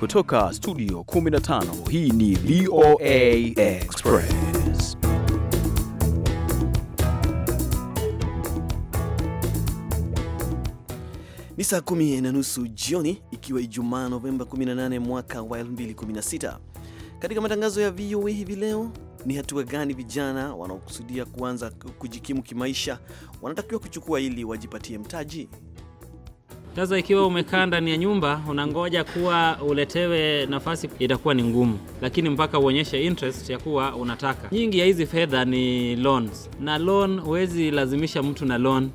Kutoka studio 15 hii ni VOA Express. Ni saa kumi na nusu jioni ikiwa Ijumaa Novemba 18 mwaka wa 2016. Katika matangazo ya VOA hivi leo ni hatua gani vijana wanaokusudia kuanza kujikimu kimaisha wanatakiwa kuchukua ili wajipatie mtaji? Sasa ikiwa umekaa ndani ya nyumba unangoja kuwa uletewe nafasi, itakuwa ni ngumu, lakini mpaka uonyeshe interest ya kuwa unataka. Nyingi ya hizi fedha ni loans, na loan huwezi lazimisha mtu na loan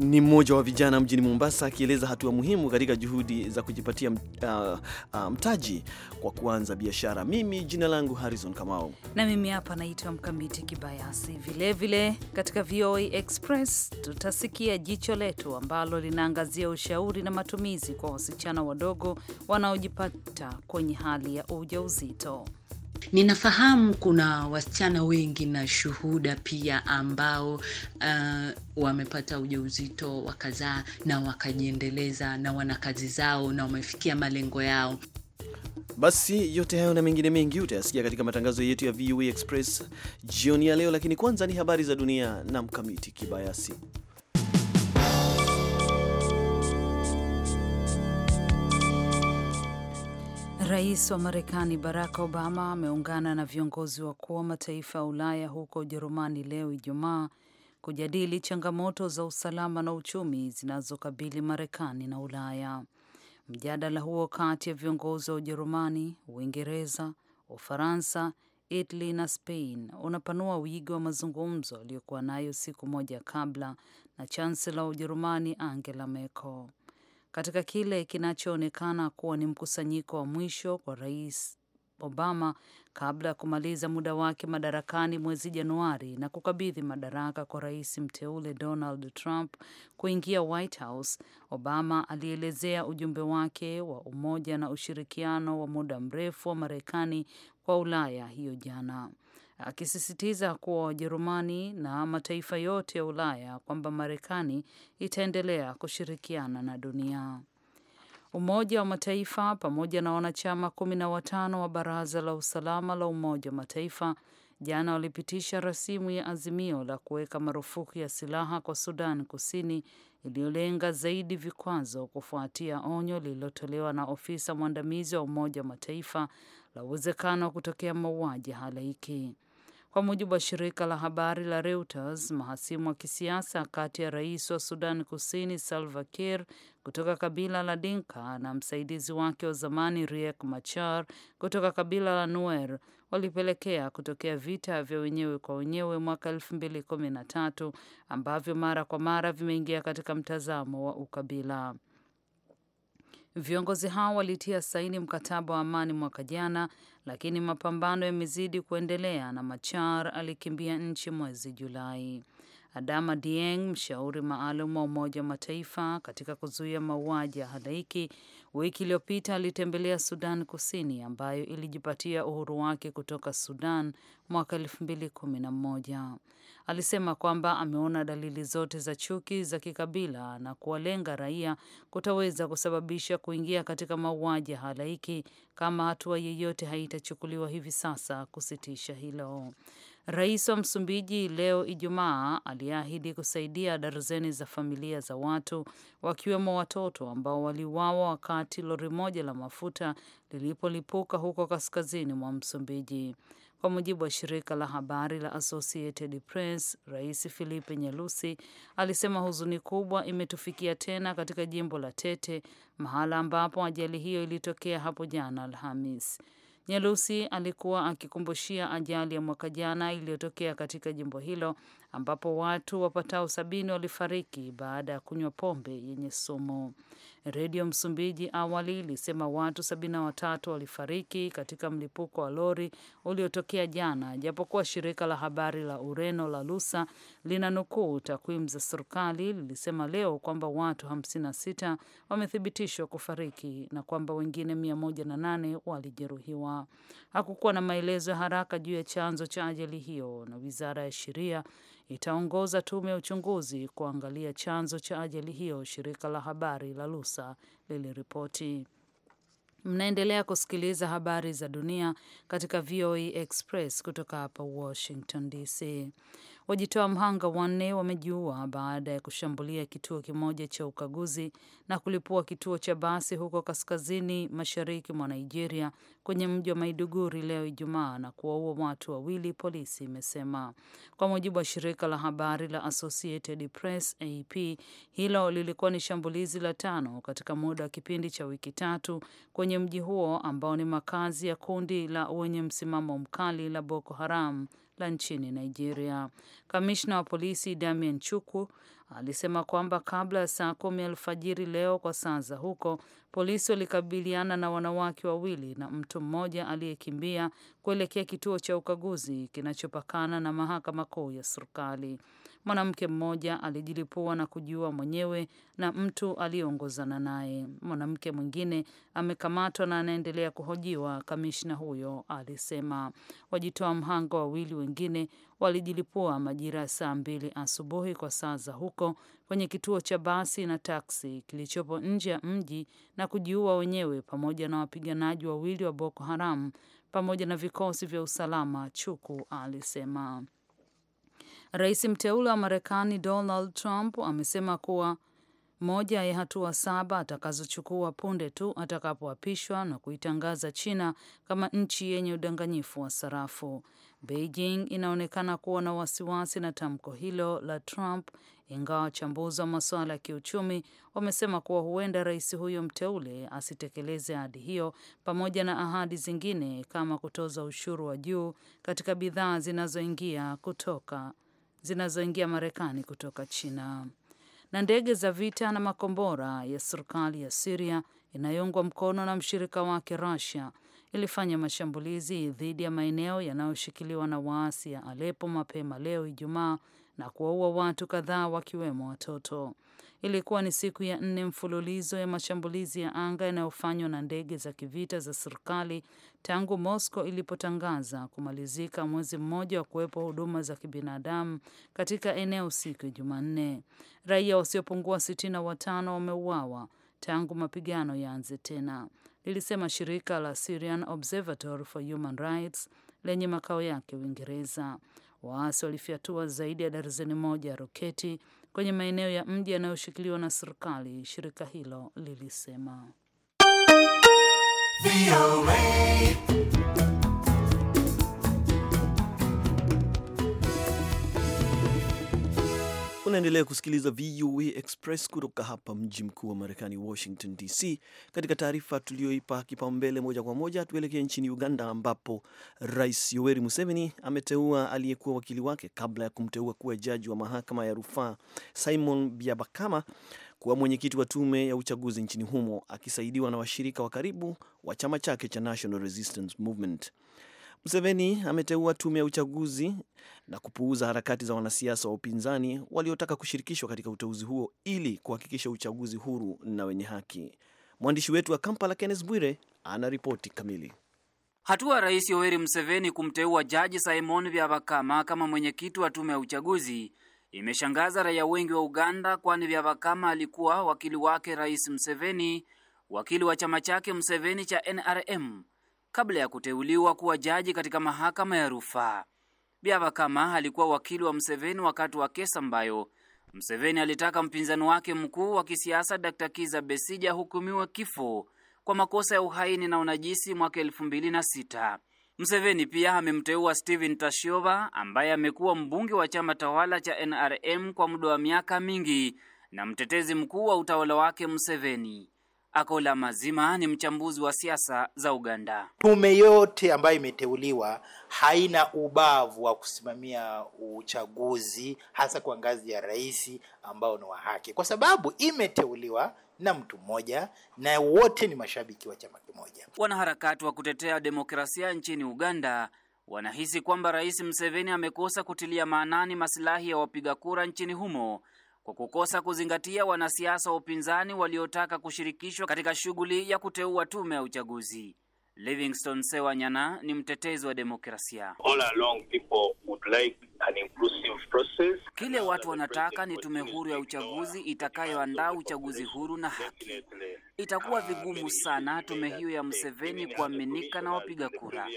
ni mmoja wa vijana mjini Mombasa akieleza hatua muhimu katika juhudi za kujipatia uh, uh, mtaji kwa kuanza biashara. Mimi jina langu Harrison Kamau, na mimi hapa naitwa Mkamiti Kibayasi. Vilevile katika VOA Express tutasikia jicho letu ambalo linaangazia ushauri na matumizi kwa wasichana wadogo wanaojipata kwenye hali ya ujauzito. Ninafahamu kuna wasichana wengi na shuhuda pia ambao uh, wamepata ujauzito wakazaa na wakajiendeleza na wana kazi zao na wamefikia malengo yao. Basi yote hayo na mengine mengi utayasikia katika matangazo yetu ya VOA e Express jioni ya leo, lakini kwanza ni habari za dunia na Mkamiti Kibayasi. Rais wa Marekani Barack Obama ameungana na viongozi wakuu wa mataifa ya Ulaya huko Ujerumani leo Ijumaa kujadili changamoto za usalama na uchumi zinazokabili Marekani na Ulaya. Mjadala huo kati ya viongozi wa Ujerumani, Uingereza, Ufaransa, Italy na Spain unapanua wigo wa mazungumzo aliyokuwa nayo siku moja kabla na chansela wa Ujerumani Angela Merkel katika kile kinachoonekana kuwa ni mkusanyiko wa mwisho kwa Rais Obama kabla ya kumaliza muda wake madarakani mwezi Januari na kukabidhi madaraka kwa rais mteule Donald Trump kuingia White House. Obama alielezea ujumbe wake wa umoja na ushirikiano wa muda mrefu wa Marekani kwa Ulaya hiyo jana akisisitiza kuwa Wajerumani na mataifa yote ya Ulaya kwamba Marekani itaendelea kushirikiana na dunia. Umoja wa Mataifa pamoja na wanachama kumi na watano wa Baraza la Usalama la Umoja wa Mataifa jana walipitisha rasimu ya azimio la kuweka marufuku ya silaha kwa Sudan Kusini iliyolenga zaidi vikwazo kufuatia onyo lililotolewa na ofisa mwandamizi wa Umoja wa Mataifa la uwezekano wa kutokea mauaji halaiki. Kwa mujibu wa shirika la habari la Reuters, mahasimu wa kisiasa kati ya rais wa Sudan Kusini Salva Kiir kutoka kabila la Dinka na msaidizi wake wa zamani Riek Machar kutoka kabila la Nuer walipelekea kutokea vita vya wenyewe kwa wenyewe mwaka 2013 ambavyo mara kwa mara vimeingia katika mtazamo wa ukabila. Viongozi hao walitia saini mkataba wa amani mwaka jana, lakini mapambano yamezidi kuendelea na Machar alikimbia nchi mwezi Julai. Adama Dieng, mshauri maalum wa Umoja wa Mataifa katika kuzuia mauaji ya halaiki, wiki iliyopita alitembelea Sudan Kusini ambayo ilijipatia uhuru wake kutoka Sudan mwaka elfu mbili kumi na moja alisema kwamba ameona dalili zote za chuki za kikabila na kuwalenga raia kutaweza kusababisha kuingia katika mauaji ya halaiki kama hatua yeyote haitachukuliwa hivi sasa kusitisha hilo. Rais wa Msumbiji leo Ijumaa aliahidi kusaidia darzeni za familia za watu wakiwemo watoto ambao waliuawa wakati lori moja la mafuta lilipolipuka huko kaskazini mwa Msumbiji. Kwa mujibu wa shirika la habari la Associated Press, Rais Filipe Nyelusi alisema huzuni kubwa imetufikia tena katika jimbo la Tete, mahala ambapo ajali hiyo ilitokea hapo jana Alhamis. Nyelusi alikuwa akikumbushia ajali ya mwaka jana iliyotokea katika jimbo hilo ambapo watu wapatao sabini walifariki baada ya kunywa pombe yenye sumu. Redio Msumbiji awali ilisema watu sabini na watatu walifariki katika mlipuko wa lori uliotokea jana, japokuwa shirika la habari la Ureno la Lusa linanukuu takwimu za serikali, lilisema leo kwamba watu 56 wamethibitishwa kufariki na kwamba wengine 108 walijeruhiwa. Hakukuwa na maelezo ya haraka juu ya chanzo cha ajali hiyo, na wizara ya sheria itaongoza tume ya uchunguzi kuangalia chanzo cha ajali hiyo, shirika la habari la Lusa liliripoti. Mnaendelea kusikiliza habari za dunia katika VOA e Express kutoka hapa Washington DC. Wajitoa mhanga wanne wamejiua baada ya kushambulia kituo kimoja cha ukaguzi na kulipua kituo cha basi huko kaskazini mashariki mwa Nigeria kwenye mji wa Maiduguri leo Ijumaa na kuwaua watu wawili, polisi imesema. Kwa mujibu wa shirika la habari la Associated Press AP, hilo lilikuwa ni shambulizi la tano katika muda wa kipindi cha wiki tatu kwenye mji huo ambao ni makazi ya kundi la wenye msimamo mkali la Boko Haram la nchini Nigeria. Kamishna wa polisi Damian chuku alisema kwamba kabla ya saa kumi alfajiri leo kwa saa za huko, polisi walikabiliana na wanawake wawili na mtu mmoja aliyekimbia kuelekea kituo cha ukaguzi kinachopakana na mahakama kuu ya serikali. Mwanamke mmoja alijilipua na kujiua mwenyewe na mtu aliyeongozana naye. Mwanamke mwingine amekamatwa na anaendelea kuhojiwa, kamishna huyo alisema. Wajitoa mhanga wawili wengine walijilipua majira ya saa mbili asubuhi kwa saa za huko kwenye kituo cha basi na taksi kilichopo nje ya mji na kujiua wenyewe pamoja na wapiganaji wawili wa Boko Haram pamoja na vikosi vya usalama, Chuku alisema. Rais mteule wa Marekani Donald Trump amesema kuwa moja ya hatua saba atakazochukua punde tu atakapoapishwa na kuitangaza China kama nchi yenye udanganyifu wa sarafu. Beijing inaonekana kuwa na wasiwasi na tamko hilo la Trump, ingawa wachambuzi wa masuala ya kiuchumi wamesema kuwa huenda rais huyo mteule asitekeleze ahadi hiyo, pamoja na ahadi zingine kama kutoza ushuru wa juu katika bidhaa zinazoingia kutoka zinazoingia Marekani kutoka China. Na ndege za vita na makombora ya serikali ya Siria inayoungwa mkono na mshirika wake Russia ilifanya mashambulizi dhidi ya maeneo yanayoshikiliwa na waasi ya Alepo mapema leo Ijumaa na kuwaua watu kadhaa wakiwemo watoto ilikuwa ni siku ya nne mfululizo ya mashambulizi ya anga yanayofanywa na ndege za kivita za serikali tangu Moscow ilipotangaza kumalizika mwezi mmoja wa kuwepo huduma za kibinadamu katika eneo siku ya Jumanne. Raia wasiopungua sitini na watano wameuawa tangu mapigano yaanze tena, lilisema shirika la Syrian Observatory for Human Rights lenye makao yake Uingereza. Waasi walifyatua zaidi ya darzeni moja ya roketi kwenye maeneo ya mji yanayoshikiliwa na serikali, shirika hilo lilisema. Unaendelea kusikiliza VOA e Express kutoka hapa mji mkuu wa Marekani, Washington DC. Katika taarifa tuliyoipa kipaumbele moja kwa moja, tuelekee nchini Uganda ambapo Rais Yoweri Museveni ameteua aliyekuwa wakili wake kabla ya kumteua kuwa jaji wa mahakama ya rufaa Simon Byabakama kuwa mwenyekiti wa tume ya uchaguzi nchini humo akisaidiwa na washirika wa karibu wa chama chake cha National Resistance Movement. Museveni ameteua tume ya uchaguzi na kupuuza harakati za wanasiasa wa upinzani waliotaka kushirikishwa katika uteuzi huo ili kuhakikisha uchaguzi huru na wenye haki. Mwandishi wetu wa Kampala, Kenneth Bwire, ana ripoti kamili. Hatua Rais Yoweri Museveni kumteua Jaji Simon Byabakama kama mwenyekiti wa tume ya uchaguzi imeshangaza raia wengi wa Uganda, kwani Byabakama alikuwa wakili wake Rais Museveni, wakili wa chama chake Museveni cha NRM kabla ya kuteuliwa kuwa jaji katika mahakama ya rufaa. Bi alikuwa wakili wa Mseveni wakati wa kesa ambayo Mseveni alitaka mpinzani wake mkuu wa kisiasa Dr. Kiza Besija ahukumiwe kifo kwa makosa ya uhaini na unajisi mwaka elfu mbili na sita. Mseveni pia amemteua Steven Tashiova ambaye amekuwa mbunge wa chama tawala cha NRM kwa muda wa miaka mingi na mtetezi mkuu wa utawala wake Mseveni. Akola Mazima ni mchambuzi wa siasa za Uganda. Tume yote ambayo imeteuliwa haina ubavu wa kusimamia uchaguzi, hasa kwa ngazi ya rais ambao ni wa haki, kwa sababu imeteuliwa na mtu mmoja na wote ni mashabiki wa chama kimoja. Wanaharakati wa kutetea demokrasia nchini Uganda wanahisi kwamba Rais Museveni amekosa kutilia maanani masilahi ya wapiga kura nchini humo kwa kukosa kuzingatia wanasiasa wa upinzani waliotaka kushirikishwa katika shughuli ya kuteua tume ya uchaguzi. sewa Sewanyana ni mtetezi wa demokrasia. All along people would like an inclusive process. Kile watu wanataka ni tume huru ya uchaguzi itakayoandaa uchaguzi huru na haki. Itakuwa vigumu sana tume hiyo ya mseveni kuaminika na wapiga kura.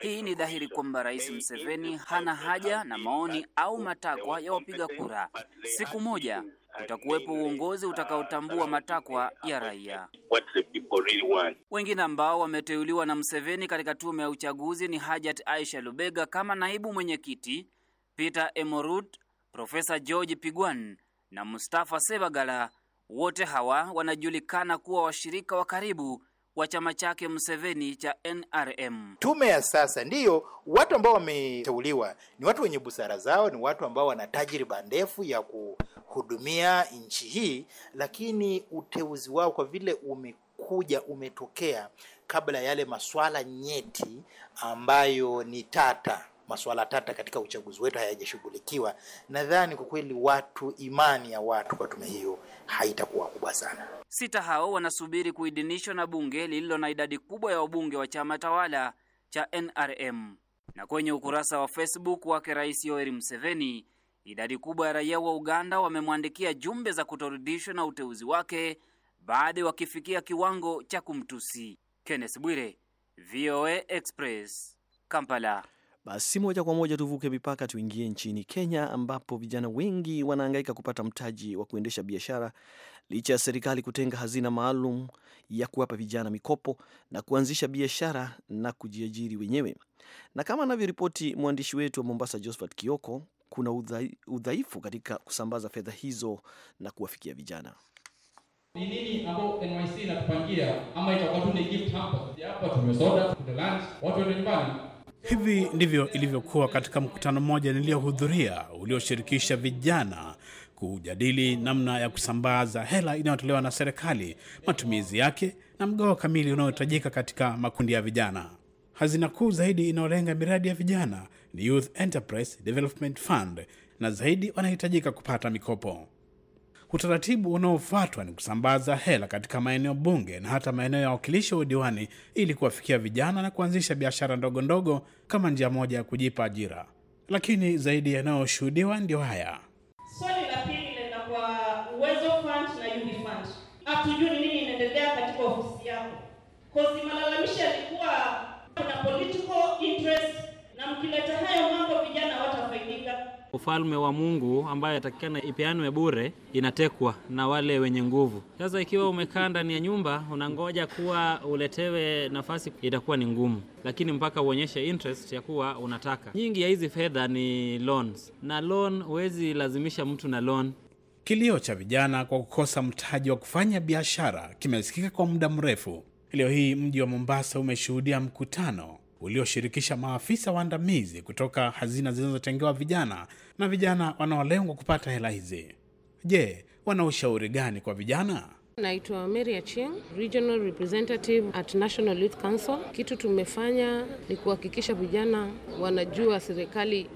Hii ni dhahiri kwamba Rais Museveni hana haja na maoni au matakwa ya wapiga kura. Siku moja utakuwepo uongozi utakaotambua matakwa ya raia. wengine ambao wameteuliwa na Museveni katika tume ya uchaguzi ni Hajat Aisha Lubega kama naibu mwenyekiti, Peter Emorut, Profesa George Pigwan na Mustafa Sebagala. Wote hawa wanajulikana kuwa washirika wa karibu wa chama chake Museveni cha NRM. Tume ya sasa ndiyo watu ambao wameteuliwa ni watu wenye busara zao, ni watu ambao wana tajriba ndefu ya kuhudumia nchi hii, lakini uteuzi wao kwa vile umekuja umetokea kabla yale maswala nyeti ambayo ni tata masuala tata katika uchaguzi wetu hayajashughulikiwa, nadhani kwa kweli watu, imani ya watu kwa tume hiyo haitakuwa kubwa sana. Sita hao wanasubiri kuidhinishwa na bunge lililo na idadi kubwa ya wabunge wa chama tawala cha NRM. Na kwenye ukurasa wa Facebook wake Rais Yoweri Museveni, idadi kubwa ya raia wa Uganda wamemwandikia jumbe za kutoridhishwa na uteuzi wake baada wakifikia kiwango cha kumtusi. Kenneth Bwire, VOA Express, Kampala. Basi moja kwa moja tuvuke mipaka, tuingie nchini Kenya, ambapo vijana wengi wanaangaika kupata mtaji wa kuendesha biashara licha ya serikali kutenga hazina maalum ya kuwapa vijana mikopo na kuanzisha biashara na kujiajiri wenyewe. Na kama anavyoripoti mwandishi wetu wa Mombasa, Josephat Kioko, kuna udhaifu katika kusambaza fedha hizo na kuwafikia vijana. Ni nini ambao NYC inatupangia ama itakuwa tu ni gift hapa? Hapa tumesoda, kuna lunch, watu wende nyumbani. Hivi ndivyo ilivyokuwa katika mkutano mmoja niliyohudhuria ulioshirikisha vijana kujadili namna ya kusambaza hela inayotolewa na serikali, matumizi yake na mgao kamili unaohitajika katika makundi ya vijana. Hazina kuu zaidi inayolenga miradi ya vijana ni Youth Enterprise Development Fund, na zaidi wanahitajika kupata mikopo. Utaratibu unaofuatwa ni kusambaza hela katika maeneo bunge na hata maeneo ya wakilishi wa udiwani ili kuwafikia vijana na kuanzisha biashara ndogo ndogo kama njia moja ya kujipa ajira, lakini zaidi yanayoshuhudiwa ndio haya. Swali la pili lina kwa Uwezo Fund na Uni Fund. nini inaendelea katika ofisi yako kozi, malalamishi yalikuwa kuna political interest na mkileta hayo mambo ufalme wa Mungu ambayo yatakikana ipeanwe bure inatekwa na wale wenye nguvu. Sasa ikiwa umekaa ndani ya nyumba unangoja kuwa uletewe nafasi, itakuwa ni ngumu, lakini mpaka uonyeshe interest ya kuwa unataka. Nyingi ya hizi fedha ni loans, na loan huwezi lazimisha mtu na loan. Kilio cha vijana kwa kukosa mtaji wa kufanya biashara kimesikika kwa muda mrefu. Leo hii mji wa Mombasa umeshuhudia mkutano ulioshirikisha maafisa waandamizi kutoka hazina zinazotengewa vijana na vijana wanaolengwa kupata hela hizi. Je, wana ushauri gani kwa vijana? Naitwa Mary Acheng, Regional Representative at National Youth Council. Kitu tumefanya ni kuhakikisha vijana wanajua serikali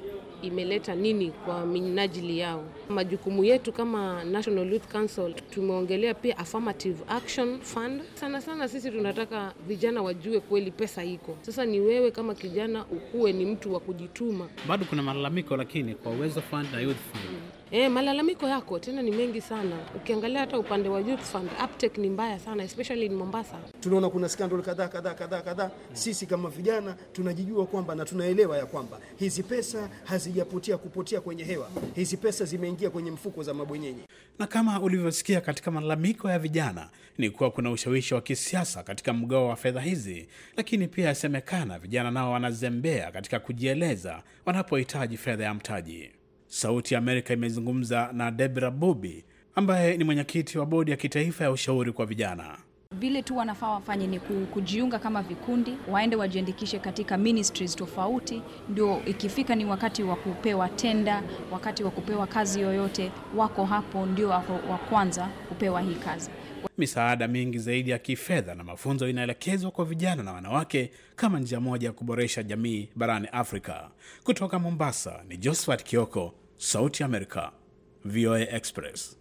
imeleta nini kwa minajili yao. Majukumu yetu kama National Youth Council, tumeongelea pia affirmative action fund. Sana sana sisi tunataka vijana wajue kweli pesa iko. Sasa ni wewe kama kijana ukuwe ni mtu wa kujituma. Bado kuna malalamiko lakini kwa Uwezo Fund na Youth Fund E, malalamiko yako tena ni mengi sana. Ukiangalia hata upande wa youth fund uptake ni mbaya sana especially in Mombasa. Tunaona kuna scandal kadhaa kadhaa kadhaa kadhaa. Hmm. Sisi kama vijana tunajijua kwamba na tunaelewa ya kwamba hizi pesa hazijapotea kupotea kwenye hewa. Hizi pesa zimeingia kwenye mfuko za mabwenyenye. Na kama ulivyosikia katika malalamiko ya vijana ni kuwa kuna ushawishi wa kisiasa katika mgao wa fedha hizi, lakini pia yasemekana vijana nao wanazembea katika kujieleza wanapohitaji fedha ya mtaji. Sauti ya Amerika imezungumza na Debra Bobi ambaye ni mwenyekiti wa bodi ya kitaifa ya ushauri kwa vijana. Vile tu wanafaa wafanye ni kujiunga kama vikundi, waende wajiandikishe katika ministries tofauti, ndio ikifika ni wakati wa kupewa tenda, wakati wa kupewa kazi yoyote, wako hapo ndio wako wa kwanza kupewa hii kazi. Misaada mingi zaidi ya kifedha na mafunzo inaelekezwa kwa vijana na wanawake kama njia moja ya kuboresha jamii barani Afrika. Kutoka Mombasa ni Josephat Kioko, Sauti Amerika, VOA Express.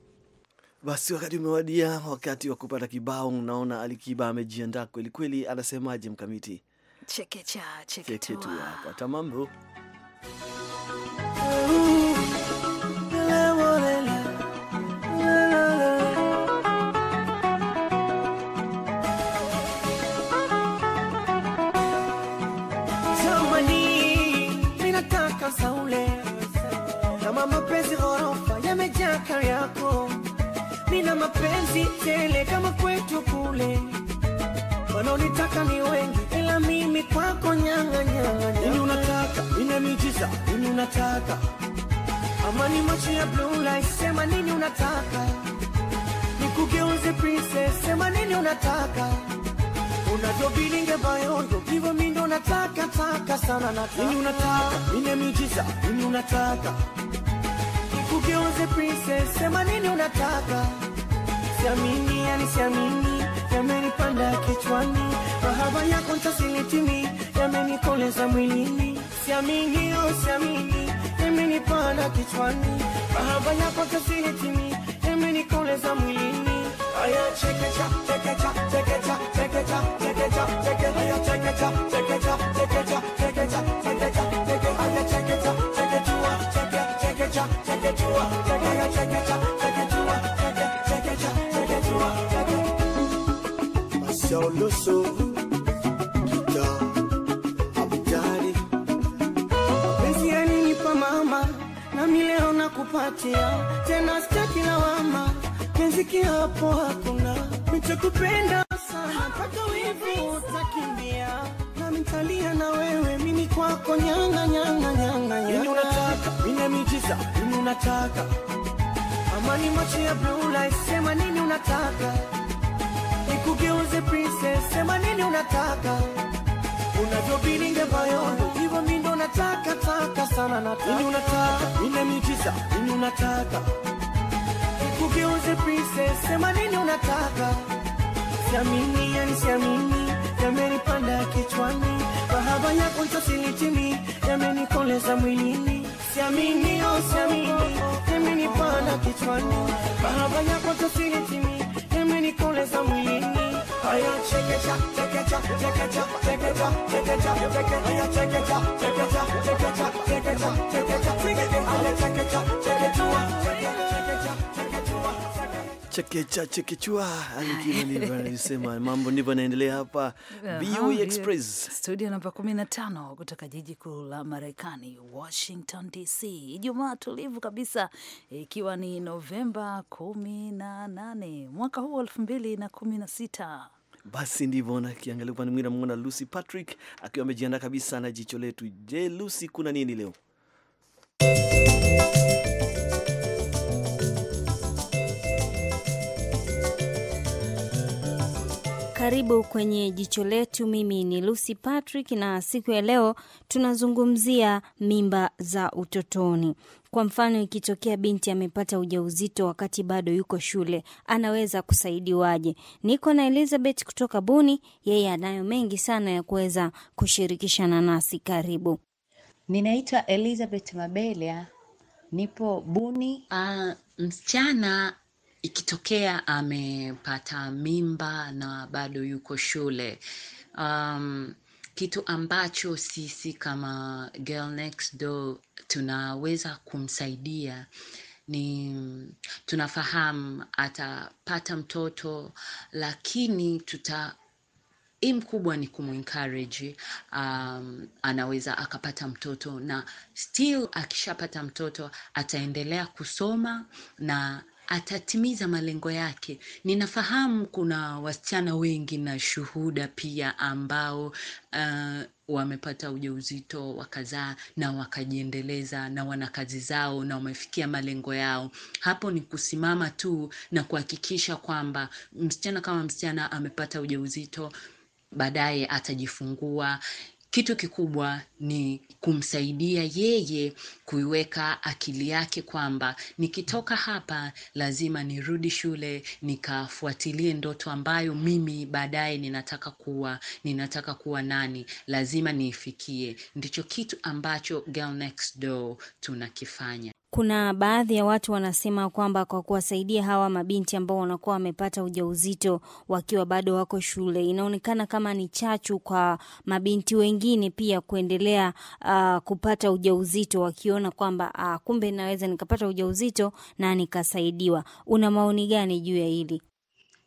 Basi wakati umewadia, wakati wa kupata kibao. Unaona Alikiba amejiandaa kwelikweli, anasemaje mkamiti? Chekecha cheketua, pata mambo Kwa mapenzi ghorofa oh, yamejaa kari yako, mina mapenzi tele kama kwetu kule. Wanaonitaka ni wengi, ila mimi kwako nyanga nyanga. Nini unataka? Nina Nini unataka? Amani macho ya blulai sema nini unataka? Nikugeuze princess, sema nini unataka? Unatobilinge bayondo, hivyo mindo ndo nataka taka sana nataka. Nini unataka? Nina Nini unataka? Nieleze princess, sema nini unataka? Siamini, yani siamini, yamenipanda kichwani, mahaba yako ntasilitimi, yamenikoleza mwilini. Siamini, oh siamini, yamenipanda kichwani, mahaba yako ntasilitimi, yamenikoleza mwilini. Aya, chekecha, chekecha, chekecha, chekecha, chekecha, chekecha, aya, chekecha, chekecha, chekecha, chekecha your soul. Penzi mama, nami leo nakupatia tena, sitaki lawama. hakuna, nitakupenda sana mpaka wivu utakimbia, na nitalia na wewe mimi nyanga nyanga unataka amani, macho ya blue light, sema nini unataka nikugeuze princess, sema nini unataka, unavyobidi ngevayondo hivyo mimi ndo nataka taka sana, nataka nini unataka, nina miujiza nini unataka, nikugeuze princess, sema nini unataka, siamini yani siamini, yamenipanda kichwani, kahaba yako nchosilitini, yamenikoleza mwilini siamini, oh siamini, imenipanda kichwani, kahaba yako nchosilitini many colors and we in it. Oh yeah, check it out, check it out, check it out, check it out, check it out, check it out. Oh yeah, check it out, check it out, check it out, check it out, check it out. Check it out, check it out, check it out. chekecha chekichwa alisema mambo ndivyo yanaendelea hapa VOA Express studio namba 15 kutoka jiji kuu la Marekani Washington DC, Ijumaa tulivu kabisa, ikiwa ni Novemba 18 mwaka huu 216 Basi ndivyo nakiangalia upande mwingine, namwona Lucy Patrick akiwa amejiandaa kabisa na jicho letu. Je, Lucy, kuna nini leo? Karibu kwenye jicho letu. Mimi ni Lucy Patrick, na siku ya leo tunazungumzia mimba za utotoni. Kwa mfano, ikitokea binti amepata ujauzito wakati bado yuko shule, anaweza kusaidiwaje? Niko na Elizabeth kutoka Buni, yeye anayo mengi sana ya kuweza kushirikishana nasi. Karibu. Ninaitwa Elizabeth Mabelia, nipo Buni. Uh, msichana ikitokea amepata mimba na bado yuko shule um, kitu ambacho sisi kama Girl Next Door tunaweza kumsaidia ni tunafahamu atapata mtoto lakini tuta hi mkubwa ni kumwenkareji um, anaweza akapata mtoto na still akishapata mtoto ataendelea kusoma na atatimiza malengo yake. Ninafahamu kuna wasichana wengi na shuhuda pia ambao uh, wamepata ujauzito wakazaa na wakajiendeleza na wana kazi zao na wamefikia malengo yao. Hapo ni kusimama tu na kuhakikisha kwamba msichana kama msichana amepata ujauzito, baadaye atajifungua kitu kikubwa ni kumsaidia yeye kuiweka akili yake kwamba nikitoka hapa lazima nirudi shule nikafuatilie ndoto ambayo mimi baadaye ninataka kuwa, ninataka kuwa nani, lazima niifikie. Ndicho kitu ambacho Girl Next Door tunakifanya kuna baadhi ya watu wanasema kwamba kwa kuwasaidia hawa mabinti ambao wanakuwa wamepata ujauzito wakiwa bado wako shule, inaonekana kama ni chachu kwa mabinti wengine pia kuendelea uh, kupata ujauzito wakiona kwamba uh, kumbe naweza nikapata ujauzito na nikasaidiwa. Una maoni gani juu ya hili?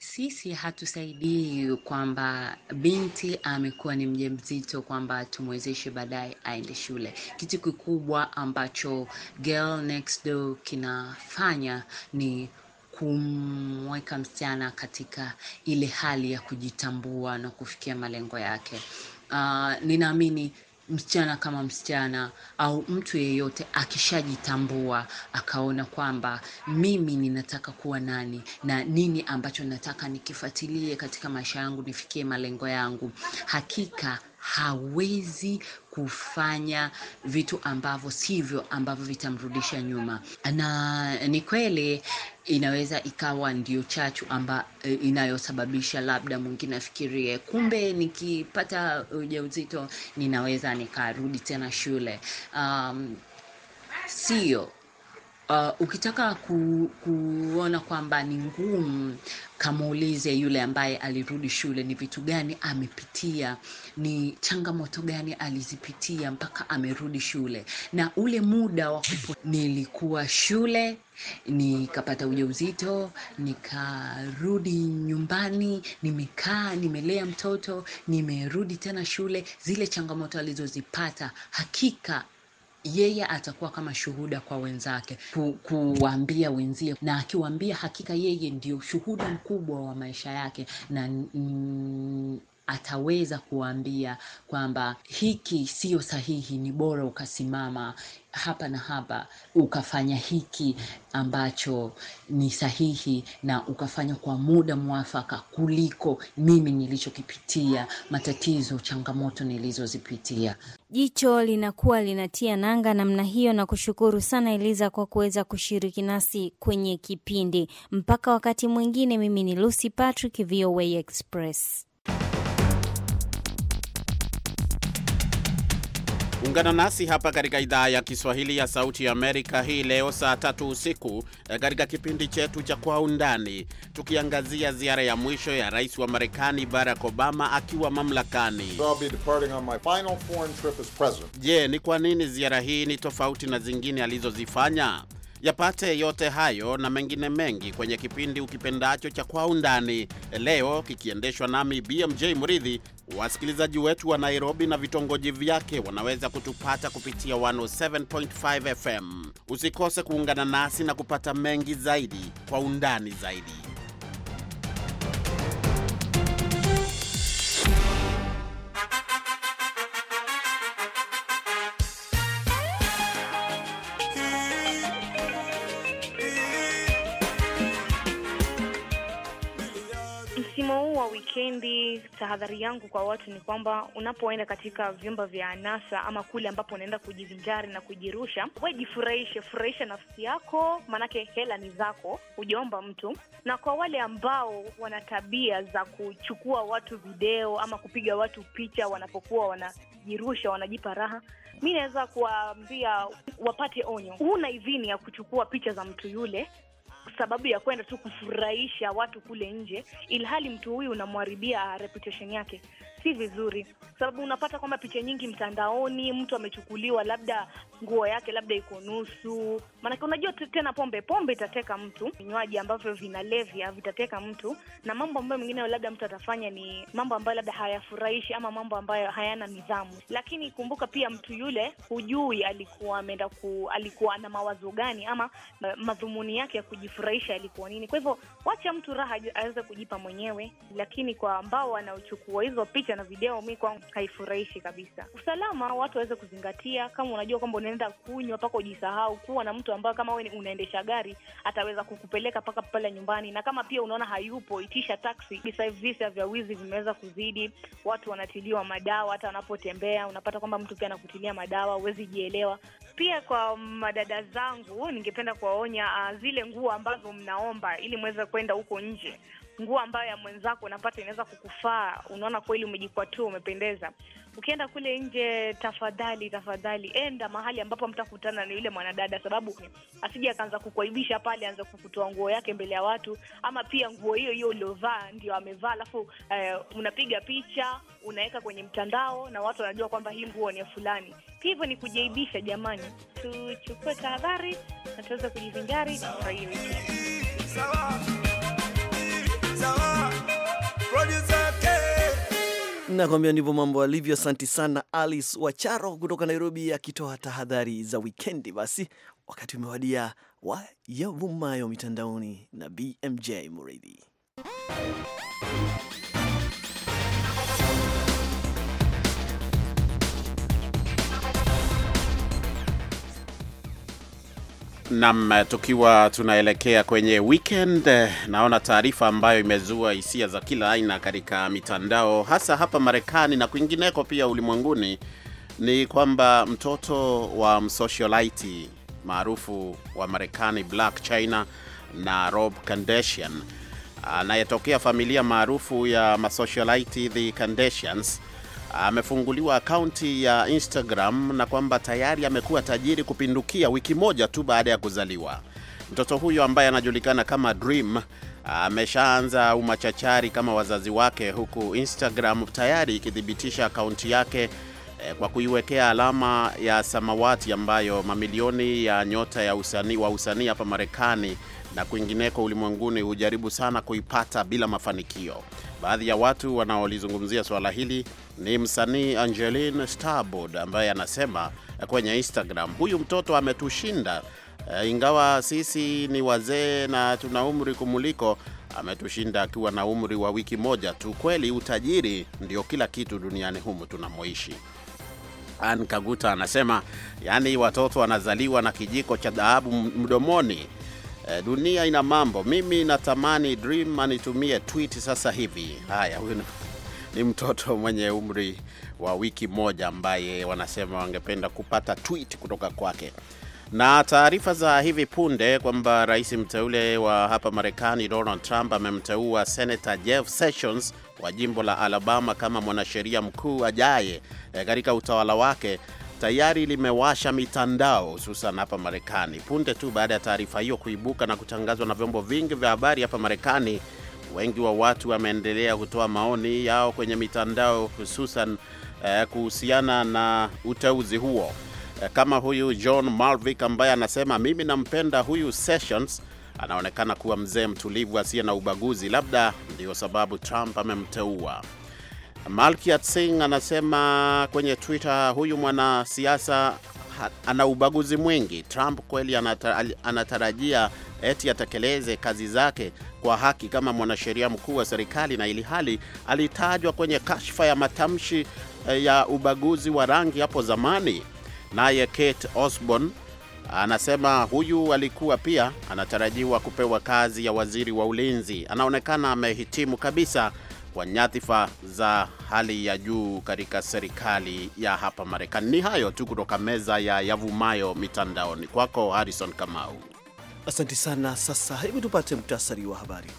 Sisi hatusaidii kwamba binti amekuwa ni mjamzito, kwamba tumwezeshe baadaye aende shule. Kitu kikubwa ambacho Girl Next Door kinafanya ni kumweka msichana katika ile hali ya kujitambua na kufikia malengo yake. Uh, ninaamini msichana kama msichana au mtu yeyote akishajitambua akaona kwamba mimi ninataka kuwa nani na nini ambacho nataka nikifuatilie katika maisha yangu nifikie malengo yangu hakika hawezi kufanya vitu ambavyo sivyo ambavyo vitamrudisha nyuma na ni kweli inaweza ikawa ndio chachu amba e, inayosababisha labda mwingine afikirie kumbe nikipata ujauzito ninaweza nikarudi tena shule um, sio uh, ukitaka ku, kuona kwamba ni ngumu kamuulize yule ambaye alirudi shule ni vitu gani amepitia ni changamoto gani alizipitia mpaka amerudi shule na ule muda wa nilikuwa shule nikapata ujauzito nikarudi nyumbani nimekaa nimelea mtoto nimerudi tena shule zile changamoto alizozipata hakika yeye atakuwa kama shuhuda kwa wenzake ku, kuwaambia wenzie na akiwaambia hakika yeye ndio shuhuda mkubwa wa maisha yake na mm, ataweza kuwaambia kwamba hiki sio sahihi, ni bora ukasimama hapa na hapa ukafanya hiki ambacho ni sahihi na ukafanya kwa muda mwafaka kuliko mimi nilichokipitia, matatizo, changamoto nilizozipitia jicho linakuwa linatia nanga namna hiyo, na kushukuru sana Eliza kwa kuweza kushiriki nasi kwenye kipindi. Mpaka wakati mwingine, mimi ni Lucy Patrick, VOA Express. Ungana nasi hapa katika idhaa ya Kiswahili ya Sauti ya Amerika hii leo saa tatu usiku eh, katika kipindi chetu cha Kwa Undani, tukiangazia ziara ya mwisho ya rais wa Marekani Barack Obama akiwa mamlakani. Je, ni kwa nini ziara hii ni tofauti na zingine alizozifanya? Yapate yote hayo na mengine mengi kwenye kipindi ukipendacho cha Kwa Undani eh, leo, kikiendeshwa nami BMJ Muridhi Wasikilizaji wetu wa Nairobi na vitongoji vyake wanaweza kutupata kupitia 107.5 FM. Usikose kuungana nasi na kupata mengi zaidi kwa undani zaidi. Msimu huu wa wikendi tahadhari yangu kwa watu ni kwamba unapoenda katika vyumba vya anasa ama kule ambapo unaenda kujivinjari na kujirusha, we jifurahishe, furahisha nafsi yako, maanake hela ni zako, hujaomba mtu. Na kwa wale ambao wana tabia za kuchukua watu video ama kupiga watu picha wanapokuwa wanajirusha, wanajipa raha, mi naweza kuwaambia wapate onyo. Huna idhini ya kuchukua picha za mtu yule sababu ya kwenda tu kufurahisha watu kule nje, ilhali mtu huyu unamwharibia reputation yake si vizuri, sababu unapata kwamba picha nyingi mtandaoni, mtu amechukuliwa labda nguo yake labda iko nusu. Maanake unajua tena, pombe pombe itateka mtu, vinywaji ambavyo vinalevya vitateka mtu, na mambo ambayo mengine labda mtu atafanya ni mambo ambayo labda hayafurahishi ama mambo ambayo hayana nidhamu. Lakini kumbuka pia, mtu yule hujui alikuwa ameenda ku, alikuwa ana mawazo gani ama madhumuni yake ya kujifurahisha yalikuwa nini. Kwa hivyo wacha mtu raha aweze kujipa mwenyewe, lakini kwa ambao wanaochukua hizo picha picha na video, mi kwangu haifurahishi kabisa. Usalama watu waweze kuzingatia, kama unajua kwamba unaenda kunywa mpaka ujisahau, kuwa na mtu ambaye kama unaendesha gari ataweza kukupeleka mpaka pale nyumbani, na kama pia unaona hayupo, itisha taksi. Visa vya wizi vimeweza kuzidi, watu wanatiliwa madawa hata wanapotembea, unapata kwamba mtu pia anakutilia madawa, huwezi jielewa. Pia kwa madada zangu, ningependa kuwaonya uh, zile nguo ambazo mnaomba ili mweze kwenda huko nje nguo ambayo ya mwenzako unapata inaweza kukufaa, unaona kweli umejikwatua, umependeza. Ukienda kule nje, tafadhali tafadhali, enda mahali ambapo mtakutana na yule mwanadada, sababu asije akaanza kukuaibisha pale, anza kukutoa nguo yake mbele ya watu, ama pia nguo hiyo hiyo uliovaa ndio amevaa, alafu eh, unapiga picha unaweka kwenye mtandao na watu wanajua kwamba hii nguo ni ya fulani. Hivyo ni kujaibisha. Jamani, tuchukue tahadhari na tuweze kujivingari. Sawa. Nakwambia ndivyo mambo alivyo. Asanti sana Alice Wacharo kutoka Nairobi akitoa tahadhari za wikendi. Basi wakati umewadia wa yavumayo mitandaoni na BMJ Muridhi. Nam, tukiwa tunaelekea kwenye weekend, naona taarifa ambayo imezua hisia za kila aina katika mitandao, hasa hapa Marekani na kwingineko pia ulimwenguni, ni kwamba mtoto wa msocialite maarufu wa Marekani Black China na Rob Kardashian anayetokea familia maarufu ya masocialite the Kardashians amefunguliwa akaunti ya Instagram na kwamba tayari amekuwa tajiri kupindukia wiki moja tu baada ya kuzaliwa. Mtoto huyo ambaye anajulikana kama Dream ameshaanza umachachari kama wazazi wake, huku Instagram tayari ikithibitisha akaunti yake eh, kwa kuiwekea alama ya samawati ambayo mamilioni ya nyota ya usanii wa usanii hapa Marekani na kwingineko ulimwenguni hujaribu sana kuipata bila mafanikio. Baadhi ya watu wanaolizungumzia swala hili ni msanii Angeline Starboard ambaye anasema kwenye Instagram, huyu mtoto ametushinda e, ingawa sisi ni wazee na tuna umri kumuliko, ametushinda akiwa na umri wa wiki moja tu. Kweli utajiri ndio kila kitu duniani humu tunamoishi. Ann Kaguta anasema, yaani watoto wanazaliwa na kijiko cha dhahabu mdomoni E, dunia ina mambo. Mimi natamani Dream anitumie tweet sasa hivi. Haya, huyu ni mtoto mwenye umri wa wiki moja ambaye wanasema wangependa kupata tweet kutoka kwake. Na taarifa za hivi punde kwamba rais mteule wa hapa Marekani Donald Trump amemteua Senator Jeff Sessions wa jimbo la Alabama kama mwanasheria mkuu ajaye eh, katika utawala wake tayari limewasha mitandao hususan hapa Marekani. Punde tu baada ya taarifa hiyo kuibuka na kutangazwa na vyombo vingi vya habari hapa Marekani, wengi wa watu wameendelea kutoa maoni yao kwenye mitandao hususan eh, kuhusiana na uteuzi huo eh, kama huyu John Malvik ambaye anasema mimi nampenda huyu Sessions, anaonekana kuwa mzee mtulivu asiye na ubaguzi, labda ndiyo sababu Trump amemteua. Malkiat Singh anasema kwenye Twitter, huyu mwanasiasa ana ubaguzi mwingi. Trump kweli anatarajia eti atekeleze kazi zake kwa haki kama mwanasheria mkuu wa serikali, na ili hali alitajwa kwenye kashfa ya matamshi eh, ya ubaguzi wa rangi hapo zamani. Naye Kate Osborne anasema huyu alikuwa pia anatarajiwa kupewa kazi ya waziri wa ulinzi. Anaonekana amehitimu kabisa kwa nyadhifa za hali ya juu katika serikali ya hapa Marekani. Ni hayo tu kutoka meza ya yavumayo mitandaoni. Kwako Harrison Kamau. Asante sana. Sasa hebu tupate muhtasari wa habari.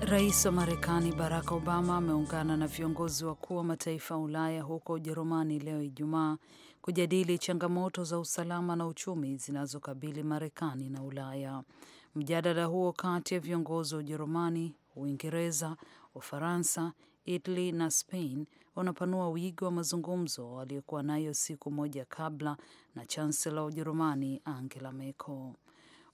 Rais wa Marekani Barack Obama ameungana na viongozi wakuu wa mataifa ya Ulaya huko Ujerumani leo Ijumaa kujadili changamoto za usalama na uchumi zinazokabili Marekani na Ulaya. Mjadala huo kati ya viongozi wa Ujerumani, Uingereza, Ufaransa, Italy na Spain unapanua wigo wa mazungumzo aliyokuwa nayo siku moja kabla na chansela wa Ujerumani Angela Merkel.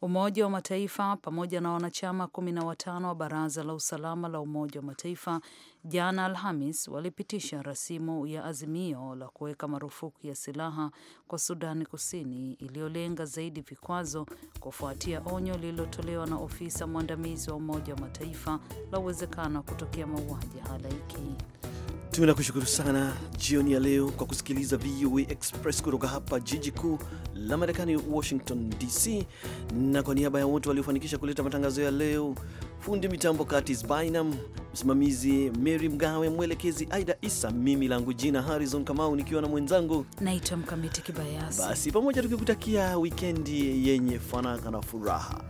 Umoja wa Mataifa pamoja na wanachama kumi na watano wa Baraza la Usalama la Umoja wa Mataifa jana Alhamis walipitisha rasimu ya azimio la kuweka marufuku ya silaha kwa Sudani Kusini iliyolenga zaidi vikwazo kufuatia onyo lililotolewa na ofisa mwandamizi wa Umoja wa Mataifa la uwezekano wa kutokea mauaji halaiki. Tunakushukuru sana jioni ya leo kwa kusikiliza VOA Express kutoka hapa jiji kuu la Marekani, Washington DC, na kwa niaba ya wote waliofanikisha kuleta matangazo ya leo, fundi mitambo Curtis Bynum, msimamizi Mary Mgawe, mwelekezi Aida Isa, mimi langu jina Harrison Kamau nikiwa na mwenzangu naitwa Mkamiti Kibayasi. Basi pamoja tukikutakia wikendi yenye fanaka na furaha.